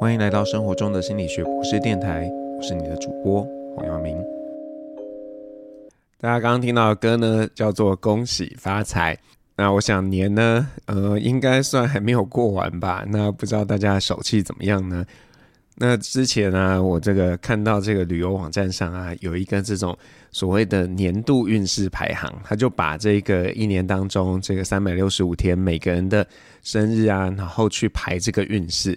歡迎來到生活中的心理學博士電台，我是你的主播黃耀明。大家剛剛聽到的歌呢，叫做《恭喜發財》。那我想年呢，呃，應該算還沒有過完吧。那不知道大家手氣怎麼樣呢？那之前呢，啊，我這個看到這個旅遊網站上啊，有一個這種所謂的年度運勢排行，他就把這個一年當中這個三百六十五天每個人的生日啊，然後去排這個運勢。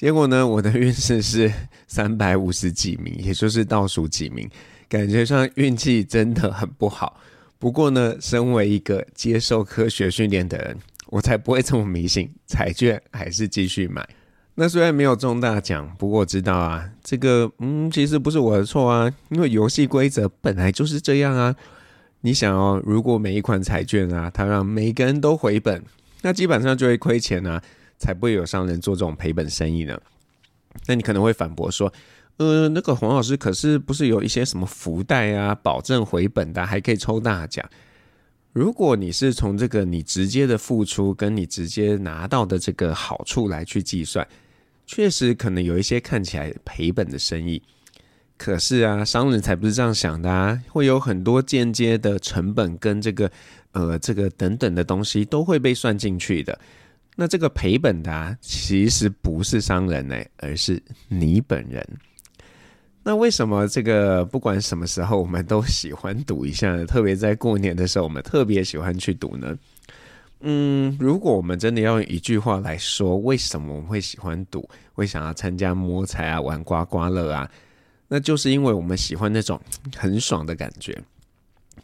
結果呢，我的運勢是三百五十幾名，也就是倒數幾名，感覺上運氣真的很不好。不過呢，身為一個接受科學訓練的人，我才不會這麼迷信，彩券還是繼續買。那雖然沒有中大獎，不過我知道啊，這個嗯，其實不是我的錯啊，因為遊戲規則本來就是這樣啊。你想哦，如果每一款彩券啊，它讓每一個人都回本，那基本上就會虧錢啊。才不會有商人做這種賠本生意呢？那你可能會反駁說：“呃，那個黃老師可是不是有一些什麼福袋啊，保證回本的，還可以抽大獎？如果你是從這個你直接的付出跟你直接拿到的這個好處來去計算，確實可能有一些看起來賠本的生意。可是啊，商人才不是這樣想的啊，會有很多間接的成本跟這個呃這個等等的東西都會被算進去的。”那這個賠本的、啊、其實不是商人呢、欸，而是你本人。那為什麼這個不管什麼時候我們都喜歡賭一下呢？特別在過年的時候，我們特別喜歡去賭呢？嗯，如果我們真的要用一句話來說為什麼我們會喜歡賭，會想要參加摸彩啊、玩刮刮樂啊，那就是因為我們喜歡那種很爽的感覺。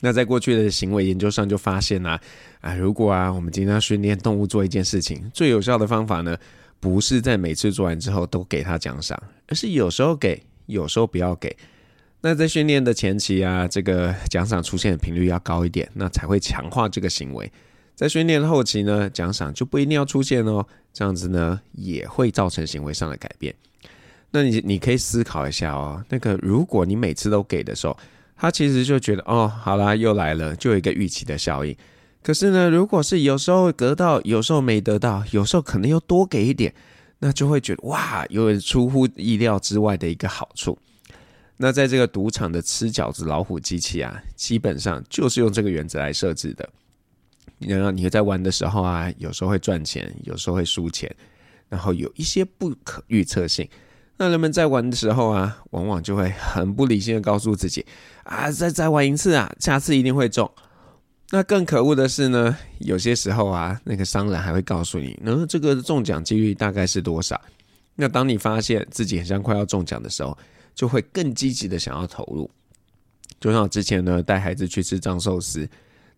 那在過去的行為研究上就發現啊，啊，如果啊，我們經常訓練動物做一件事情，最有效的方法呢，不是在每次做完之後都給它獎賞，而是有時候給，有時候不要給。那在訓練的前期啊，這個獎賞出現的頻率要高一點，那才會強化這個行為。在訓練後期呢，獎賞就不一定要出現哦，這樣子呢也會造成行為上的改變。那你你可以思考一下哦，那個如果你每次都給的時候。他其實就覺得哦，好啦，又來了，就有一個預期的效應。可是呢，如果是有時候得到，有時候沒得到，有時候可能又多給一點，那就會覺得哇，有出乎意料之外的一個好處。那在這個賭場的吃角子老虎機器啊，基本上就是用這個原則來設置的，能讓你在玩的時候啊，有時候會賺錢，有時候會輸錢，然後有一些不可預測性。那人們在玩的時候啊，往往就會很不理性的告訴自己啊，再再玩一次啊，下次一定會中。那更可惡的是呢，有些時候啊，那個商人還會告訴你，那、嗯、這個中獎幾率大概是多少，那當你發現自己很像快要中獎的時候，就會更積極的想要投入。就像我之前呢，帶孩子去吃藏壽司，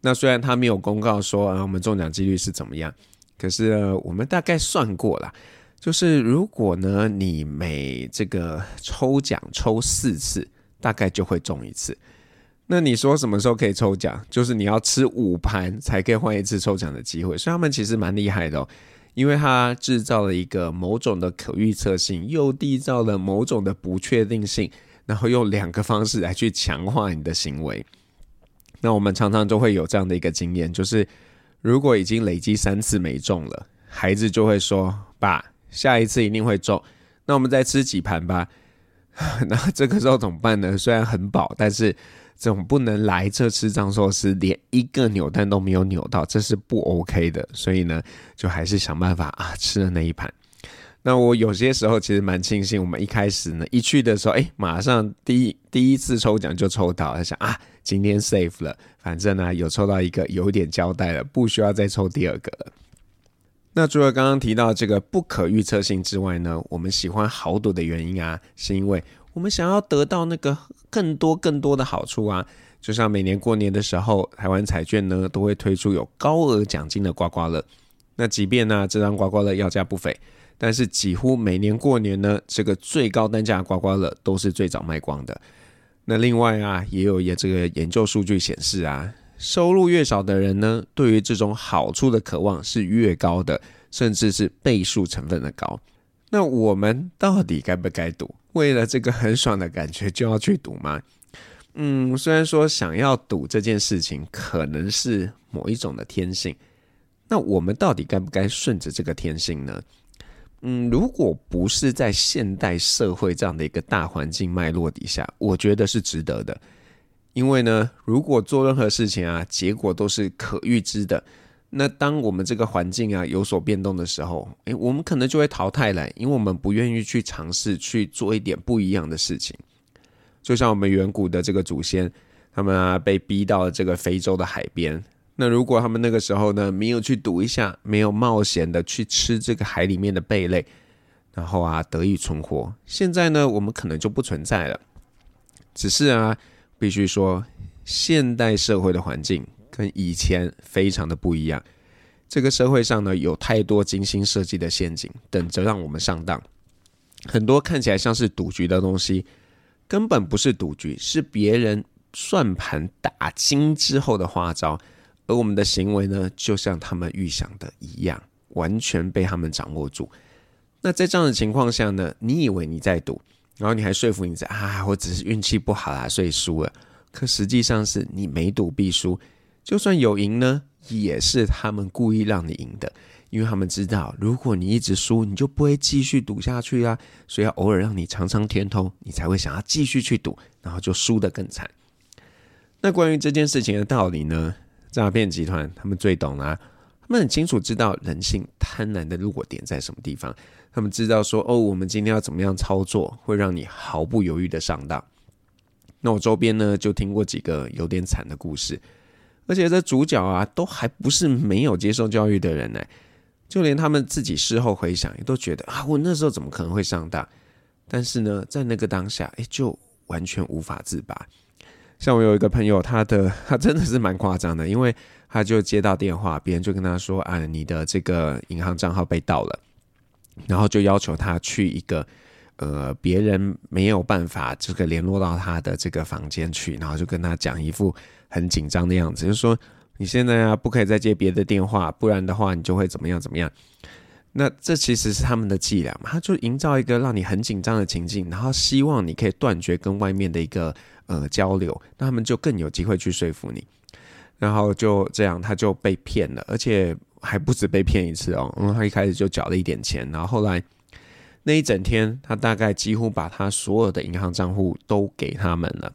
那雖然他沒有公告說啊，我們中獎幾率是怎麼樣，可是我們大概算過了。就是如果呢，你每這個抽獎抽四次，大概就會中一次。那你說什麼時候可以抽獎？就是你要吃五盤才可以換一次抽獎的機會。所以他們其實蠻厲害的哦，因為他制造了一個某種的可預測性，又締造了某種的不確定性，然後用兩個方式來去強化你的行為。那我們常常都會有這樣的一個經驗，就是如果已經累積三次沒中了，孩子就會說：“爸。”下一次一定會中，那我們再吃幾盤吧。 那這個時候怎麼辦呢？雖然很飽，但是總不能來這吃藏壽司，連一個扭蛋都沒有扭到，這是不 OK 的。所以呢，就還是想辦法啊，吃了那一盤。那我有些時候其實蠻慶幸，我們一開始呢，一去的時候，哎、欸，馬上第一第一次抽獎就抽到了，想啊，今天 safe 了，反正呢有抽到一個，有點交代了，不需要再抽第二個了。那除了剛剛提到這個不可預測性之外呢，我們喜歡豪賭的原因啊，是因為我們想要得到那個更多更多的好處啊。就像每年過年的時候，台灣彩券呢都會推出有高額獎金的刮刮樂。那即便呢，啊，這張刮刮樂要價不菲，但是幾乎每年過年呢，這個最高單價的刮刮樂都是最早賣光的。那另外啊，也有也這個研究數據顯示啊。收入越少的人呢，對於這種好處的渴望是越高的，甚至是倍數成分的高。那我們到底該不該賭？為了這個很爽的感覺就要去賭嗎？嗯，雖然說想要賭這件事情可能是某一種的天性，那我們到底該不該順着這個天性呢？嗯，如果不是在現代社會這樣的一個大環境脈絡底下，我覺得是值得的。因為呢，如果做任何事情啊，結果都是可預知的。那當我們這個環境啊有所變動的時候，誒，我們可能就會淘汰了，因為我們不願意去嘗試去做一點不一樣的事情。就像我們遠古的這個祖先，他們啊被逼到了這個非洲的海邊。那如果他們那個時候呢沒有去賭一下，沒有冒險的去吃這個海裡面的貝類，然後啊得以存活，現在呢我們可能就不存在了。只是啊。必須說，現代社會的環境跟以前非常的不一樣。這個社會上呢，有太多精心設計的陷阱等着讓我們上當。很多看起來像是賭局的東西，根本不是賭局，是別人算盤打精之後的花招。而我們的行為呢，就像他們預想的一樣，完全被他們掌握住。那在這樣的情況下呢，你以為你在賭？然後你還說服你自己啊，我只是運氣不好啦，啊，所以輸了。可實際上是你每賭必輸，就算有贏呢，也是他們故意讓你贏的，因為他們知道，如果你一直輸，你就不會繼續賭下去啊。所以要偶爾讓你嘗嘗甜頭，你才會想要繼續去賭，然後就輸得更慘。那關於這件事情的道理呢，詐騙集團他們最懂啦，啊。他們很清楚知道人性貪婪的弱點在什麼地方，他們知道說：“哦，我們今天要怎麼樣操作，會讓你毫不猶豫的上當。”那我週邊呢，就聽過幾個有點慘的故事，而且這主角啊，都還不是沒有接受教育的人呢、欸。就連他們自己事後回想，也都覺得啊，我那時候怎麼可能會上當？但是呢，在那個當下，誒、欸，就完全無法自拔。像我有一個朋友，他的他真的是蠻誇張的，因為，他就接到電話，別人就跟他說：“啊，你的這個銀行賬號被盜了，然後就要求他去一個，呃，別人沒有辦法這個聯絡到他的這個房間去，然後就跟他講一副很緊張的樣子，就是說你現在啊不可以再接別的電話，不然的話你就會怎麼樣怎麼樣。那這其實是他們的伎倆嘛，他就營造一個讓你很緊張的情境，然後希望你可以斷絕跟外面的一個呃交流，那他們就更有機會去說服你。”然後就這樣，他就被騙了，而且還不止被騙一次哦。然後，嗯，他一開始就繳了一點錢，然後後來那一整天，他大概幾乎把他所有的銀行賬戶都給他們了。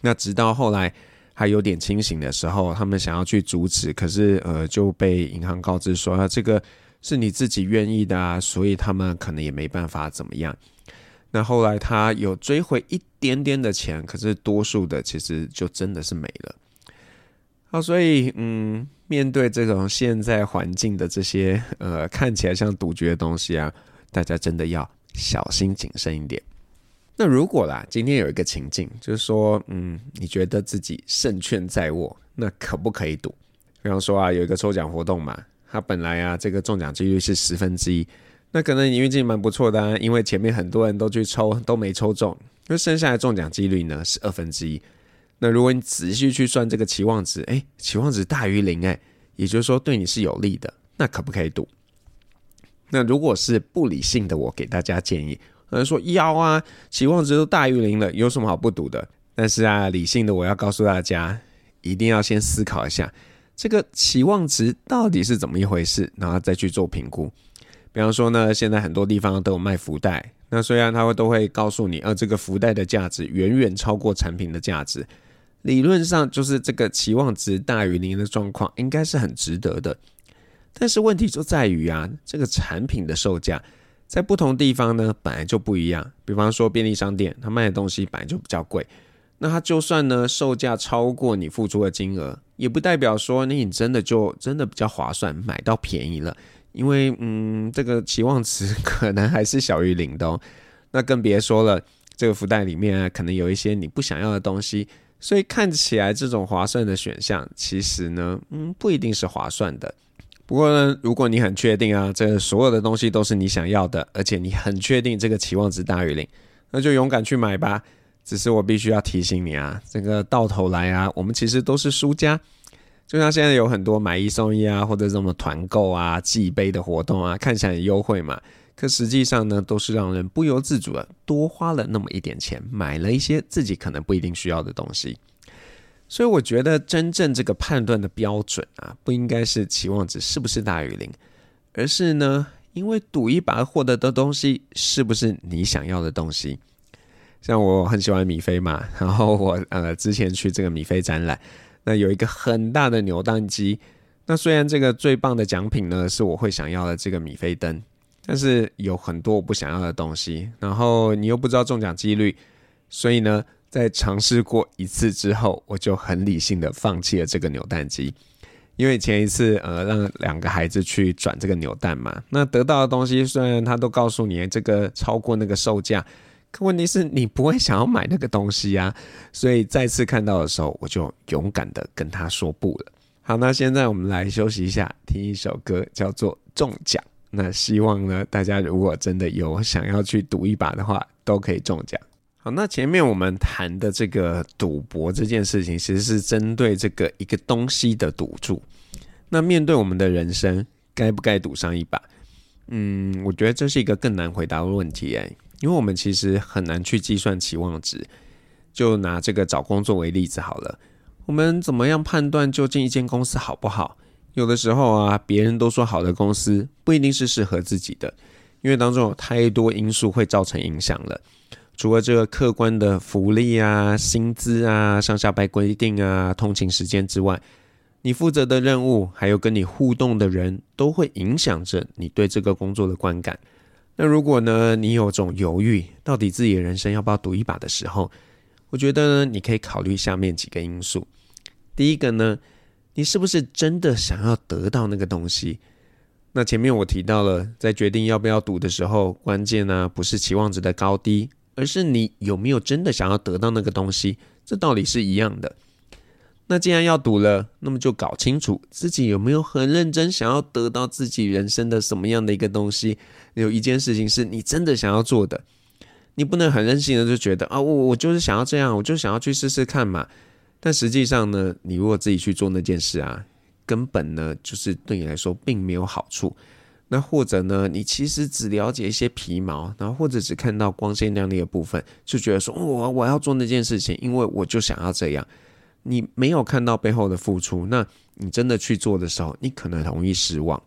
那直到後來他有點清醒的時候，他們想要去阻止，可是呃就被銀行告知說，啊，這個是你自己願意的啊，所以他們可能也沒辦法怎麼樣。那後來他有追回一點點的錢，可是多數的其實就真的是沒了。好，所以嗯，面對這種現在環境的這些呃看起來像賭局的東西啊，大家真的要小心謹慎一點。那如果啦，今天有一個情境，就是說嗯，你覺得自己勝券在握，那可不可以賭？比方說啊，有一個抽獎活動嘛，它本來啊這個中獎幾率是十分之一，那可能你運氣蠻不錯的啊，因為前面很多人都去抽都沒抽中，那剩下的中獎幾率呢是二分之一。那如果你仔細去算這個期望值，哎，期望值大於零，哎，也就是說對你是有利的，那可不可以賭？那如果是不理性的，我給大家建議，可能說要啊，期望值都大於零了，有什麼好不賭的？但是啊，理性的我要告訴大家，一定要先思考一下這個期望值到底是怎麼一回事，然後再去做評估。比方說呢，現在很多地方都有賣福袋，那雖然他會都會告訴你，啊，這個福袋的價值遠遠超過產品的價值。理論上就是這個期望值大於零的狀況，應該是很值得的，但是問題就在於啊，這個產品的售價在不同地方呢本來就不一樣，比方說便利商店，它賣的東西本來就比較貴，那它就算呢售價超過你付出的金額，也不代表說你真的就真的比較划算買到便宜了，因為嗯，這個期望值可能還是小於零的哦。那更別說了，這個福袋裡面啊，可能有一些你不想要的東西。所以看起來這種划算的選項，其實呢，嗯，不一定是划算的。不過呢，如果你很確定啊，這個所有的東西都是你想要的，而且你很確定這個期望值大於零，那就勇敢去買吧。只是我必須要提醒你啊，這個到頭來啊，我們其實都是輸家。就像現在有很多買一送一啊，或者什麼團購啊、寄杯的活動啊，看起來很優惠嘛。可實際上呢，都是讓人不由自主的多花了那麼一點錢，買了一些自己可能不一定需要的東西。所以我覺得，真正這個判斷的標準啊，不應該是期望值是不是大於零，而是呢，因為賭一把獲得的東西是不是你想要的東西。像我很喜歡米菲嘛，然後我呃之前去這個米菲展覽，那有一個很大的扭蛋機，那雖然這個最棒的獎品呢，是我會想要的這個米菲燈。但是有很多我不想要的東西，然後你又不知道中獎幾率，所以呢，在嘗試過一次之後，我就很理性的放棄了這個扭蛋機，因為前一次呃讓兩個孩子去轉這個扭蛋嘛，那得到的東西雖然他都告訴你這個超過那個售價，可問題是你不會想要買那個東西啊，所以再次看到的時候，我就勇敢的跟他說不了。好，那現在我們來休息一下，聽一首歌叫做《中獎》。那希望呢，大家如果真的有想要去賭一把的話，都可以中獎。好，那前面我們談的這個賭博這件事情，其實是針對這個一個東西的賭注。那面對我們的人生，該不該賭上一把？嗯，我覺得這是一個更難回答的問題哎，因為我們其實很難去計算期望值，就拿這個找工作為例子好了。我們怎麼樣判斷究竟一間公司好不好？有的時候啊，別人都說好的公司不一定是適合自己的，因為當中有太多因素會造成影響了。除了這個客觀的福利啊、薪資啊、上下班規定啊、通勤時間之外，你負責的任務還有跟你互動的人都會影響着你對這個工作的觀感。那如果呢，你有種猶豫，到底自己的人生要不要賭一把的時候，我覺得呢，你可以考慮下面幾個因素。第一個呢，你是不是真的想要得到那個東西？那前面我提到了，在決定要不要賭的時候，關鍵呢，啊，不是期望值的高低，而是你有沒有真的想要得到那個東西。這道理是一樣的。那既然要賭了，那麼就搞清楚自己有沒有很認真想要得到自己人生的什麼樣的一個東西。有一件事情是你真的想要做的，你不能很任性的就覺得啊，我我就是想要這樣，我就是想要去試試看嘛。但實際上呢，你如果自己去做那件事啊，根本呢就是對你來說並沒有好處。那或者呢，你其實只了解一些皮毛，然後或者只看到光鮮亮麗的部分，就覺得說我、哦、我要做那件事情，因為我就想要這樣。你沒有看到背後的付出，那你真的去做的時候，你可能容易失望。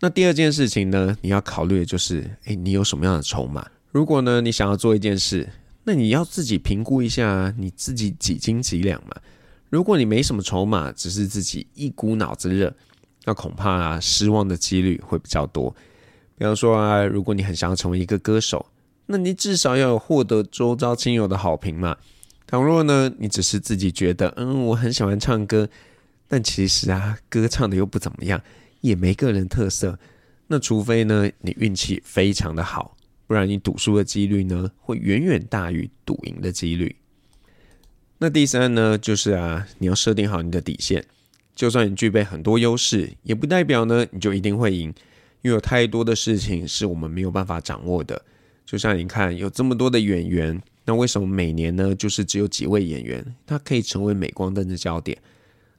那第二件事情呢，你要考慮的就是，誒、欸，你有什麼樣的籌碼？如果呢，你想要做一件事，那你要自己評估一下，你自己幾斤幾兩嘛？如果你沒什麼籌碼，只是自己一股腦子熱，那恐怕啊，失望的幾率會比較多。比方說啊，如果你很想要成為一個歌手，那你至少要有獲得周遭親友的好評嘛。倘若呢，你只是自己覺得，嗯，我很喜歡唱歌，但其實啊，歌唱的又不怎麼樣，也沒個人特色，那除非呢，你運氣非常的好。不然你賭輸的幾率呢，會遠遠大於賭贏的幾率。那第三呢，就是啊，你要設定好你的底線，就算你具備很多優勢，也不代表呢你就一定會贏，因為有太多的事情是我們沒有辦法掌握的。就像你看，有這麼多的演員，那為什麼每年呢，就是只有幾位演員他可以成為鎂光燈的焦點？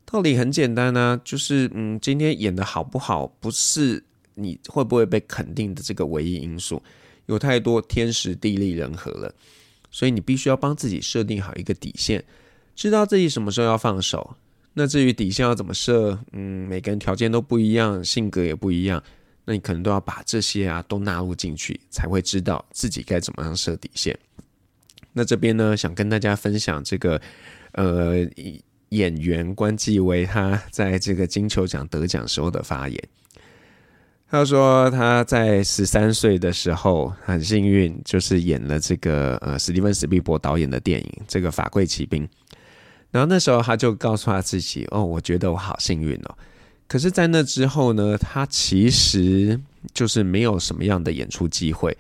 道理很簡單啊，就是嗯，今天演得好不好，不是你會不會被肯定的這個唯一因素。有太多天時地利人和了，所以你必須要幫自己設定好一個底線，知道自己什麼時候要放手。那至於底線要怎麼設，嗯，每個人條件都不一樣，性格也不一樣，那你可能都要把這些啊都納入進去，才會知道自己該怎麼樣設底線。那這邊呢，想跟大家分享這個，呃，演員關繼威他在這個金球獎得獎時候的發言。他說他在十三歲的時候很幸運，就是演了這個呃史蒂芬·史匹柏導演的電影《這個法櫃奇兵》。然後那時候他就告訴他自己：“哦，我覺得我好幸運哦。”可是，在那之後呢，他其實就是沒有什麼樣的演出機會，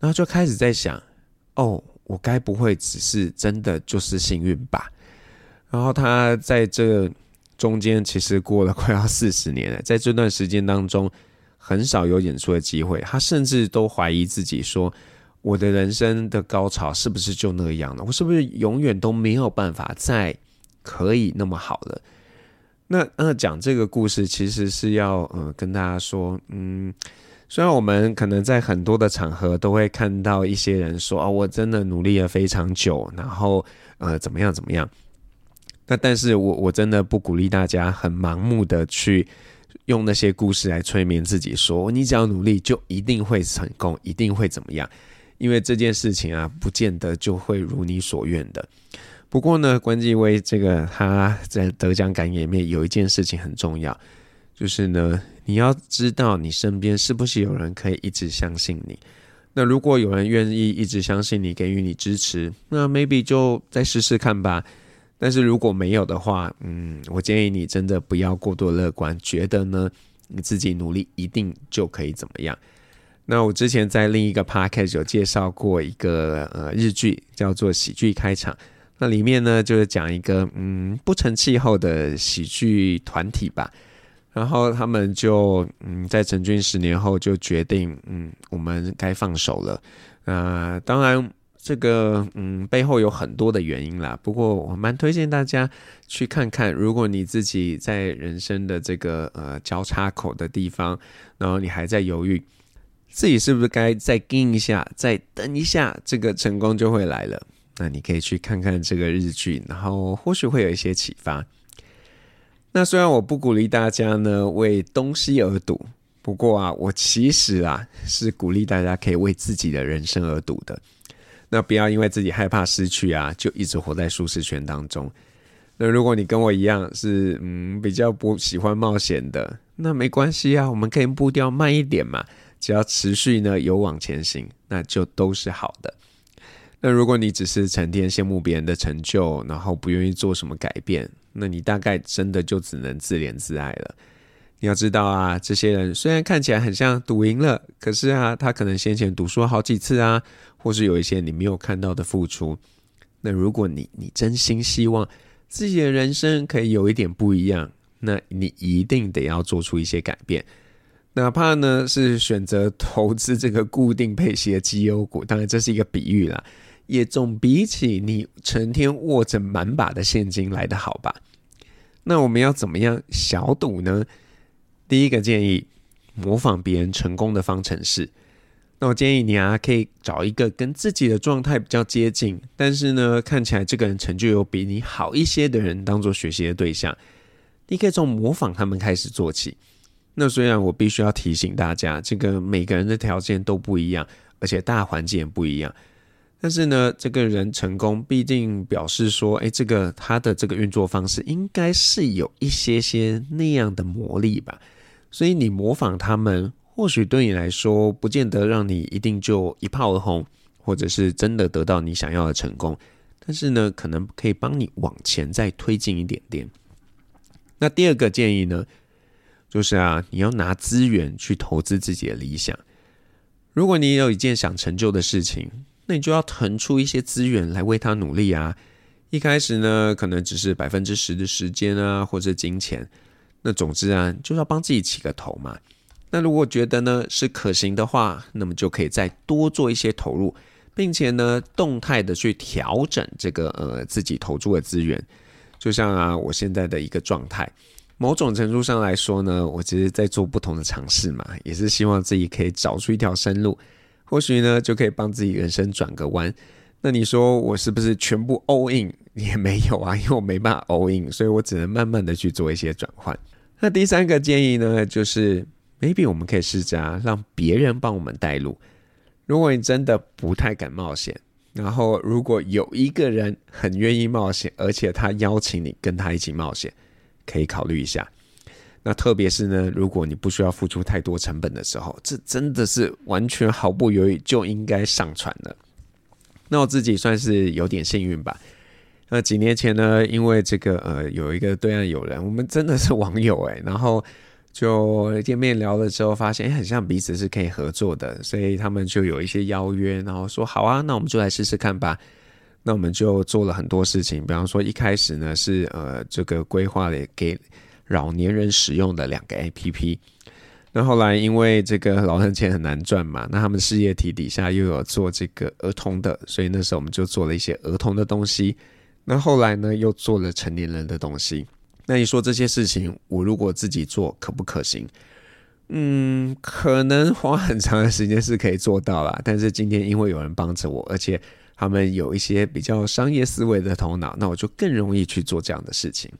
然後就開始在想：“哦，我該不會只是真的就是幸運吧？”然後他在這中間其實過了快要四十年了，在這段時間當中。很少有演出的機會，他甚至都懷疑自己說：“我的人生的高潮是不是就那樣了？我是不是永遠都沒有辦法再可以那麼好了？”那講這個故事其實是要嗯，呃，跟大家說，嗯，雖然我們可能在很多的場合都會看到一些人說，哦，我真的努力了非常久，然後呃怎麼樣怎麼樣，那但是我我真的不鼓勵大家很盲目的去。用那些故事來催眠自己，說你只要努力就一定會成功，一定會怎麼樣？因為這件事情啊，不見得就會如你所願的。不過呢，關繼威這個他在得獎感言裡面有一件事情很重要，就是呢，你要知道你身邊是不是有人可以一直相信你。那如果有人願意一直相信你，給予你支持，那 maybe 就再試試看吧。但是如果沒有的話，嗯，我建議你真的不要過多樂觀，覺得呢你自己努力一定就可以怎麼樣。那我之前在另一個 podcast 有介紹過一個呃日劇，叫做《喜劇開場》，那裡面呢就是講一個嗯不成氣候的喜劇團體吧，然後他們就嗯在成軍十年後就決定嗯我們該放手了。那、呃、當然。這個嗯，背後有很多的原因啦。不過我蠻推薦大家去看看。如果你自己在人生的這個呃交叉口的地方，然後你還在猶豫自己是不是該再盯一下，再等一下，這個成功就會來了。那你可以去看看這個日劇，然後或許會有一些啟發。那雖然我不鼓勵大家呢為東西而賭，不過啊，我其實啊是鼓勵大家可以為自己的人生而賭的。那不要因為自己害怕失去啊，就一直活在舒適圈當中。那如果你跟我一樣是嗯比較不喜歡冒險的，那沒關係啊，我們可以步調慢一點嘛，只要持續呢有往前行，那就都是好的。那如果你只是成天羨慕別人的成就，然後不願意做什麼改變，那你大概真的就只能自憐自愛了。你要知道啊，這些人雖然看起來很像賭贏了，可是啊，他可能先前賭輸好幾次，啊，或是有一些你沒有看到的付出。那如果你你真心希望自己的人生可以有一點不一樣，那你一定得要做出一些改變，哪怕呢是選擇投資這個固定配息的績優股。當然這是一個比喻啦，也總比起你成天握着滿把的現金來得好吧？那我們要怎麼樣小賭呢？第一個建議，模仿別人成功的方程式。那我建議你啊，可以找一個跟自己的狀態比較接近，但是呢，看起來這個人成就有比你好一些的人，當做學習的對象。你可以從模仿他們開始做起。那雖然我必須要提醒大家，這個每個人的條件都不一樣，而且大環境也不一樣。但是呢，這個人成功，畢竟表示說，誒、欸，這個他的這個運作方式，應該是有一些些那樣的魔力吧。所以你模仿他們，或許對你來說，不見得讓你一定就一炮而紅，或者是真的得到你想要的成功。但是呢，可能可以幫你往前再推進一點點。那第二個建議呢，就是啊，你要拿資源去投資自己的理想。如果你有一件想成就的事情，那你就要騰出一些資源來為他努力啊。一開始呢，可能只是百分之十的時間啊，或者金錢。那總之啊，就是要幫自己起個頭嘛。那如果覺得呢是可行的話，那麼就可以再多做一些投入，並且呢動態的去調整這個呃自己投注的資源。就像啊我現在的一個狀態，某種程度上來說呢，我其實在做不同的嘗試嘛，也是希望自己可以找出一條生路，或許呢就可以幫自己人生轉個彎。那你說我是不是全部 all in？也沒有啊。因為我沒辦法 all in，所以我只能慢慢的去做一些轉換。那第三個建議呢，就是 maybe 我們可以試着、啊、讓別人幫我們帶路。如果你真的不太敢冒險，然後如果有一個人很願意冒險，而且他邀請你跟他一起冒險，可以考慮一下。那特別是呢，如果你不需要付出太多成本的時候，這真的是完全毫不猶豫就應該上船了。那我自己算是有點幸運吧。那幾年前呢，因為這個呃，有一個對岸友人，我們真的是網友誒。然後就見面聊了之後，發現哎、欸，很像彼此是可以合作的，所以他們就有一些邀約，然後說好啊，那我們就來試試看吧。那我們就做了很多事情，比方說一開始呢是呃這個規劃的給老年人使用的兩個 APP。那後來因為這個老年人錢很難賺嘛，那他們事業體底下又有做這個兒童的，所以那時候我們就做了一些兒童的東西。那後來呢，又做了成年人的東西。那你說這些事情，我如果自己做可不可行？嗯，可能花很長的時間是可以做到啦。但是今天因為有人幫着我，而且他們有一些比較商業思維的頭腦，那我就更容易去做這樣的事情。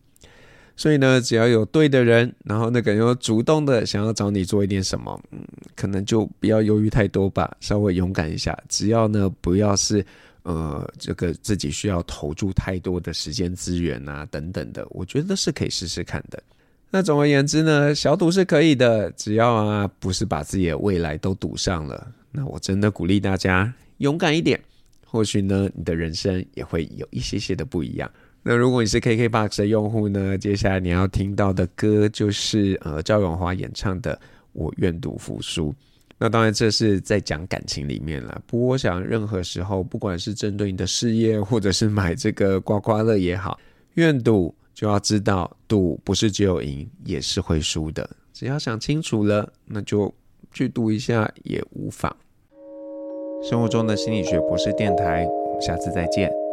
所以呢，只要有對的人，然後那個人又主動的想要找你做一點什麼，嗯，可能就不要猶豫太多吧，稍微勇敢一下。只要呢，不要是。呃，這個自己需要投注太多的時間資源啊，等等的，我覺得是可以試試看的。那總而言之呢，小賭是可以的，只要啊不是把自己的未來都賭上了。那我真的鼓勵大家勇敢一點，或許呢，你的人生也會有一些些的不一樣。那如果你是 KKBOX 的用戶呢，接下來你要聽到的歌就是呃趙詠華演唱的《我願賭服輸》。那當然，這是在講感情裡面了，不過我想任何時候，不管是針對你的事業，或者是買這個刮刮樂也好，願賭就要知道賭不是只有贏，也是會輸的。只要想清楚了，那就去賭一下也無妨。生活中的心理學博士電台，我們下次再見。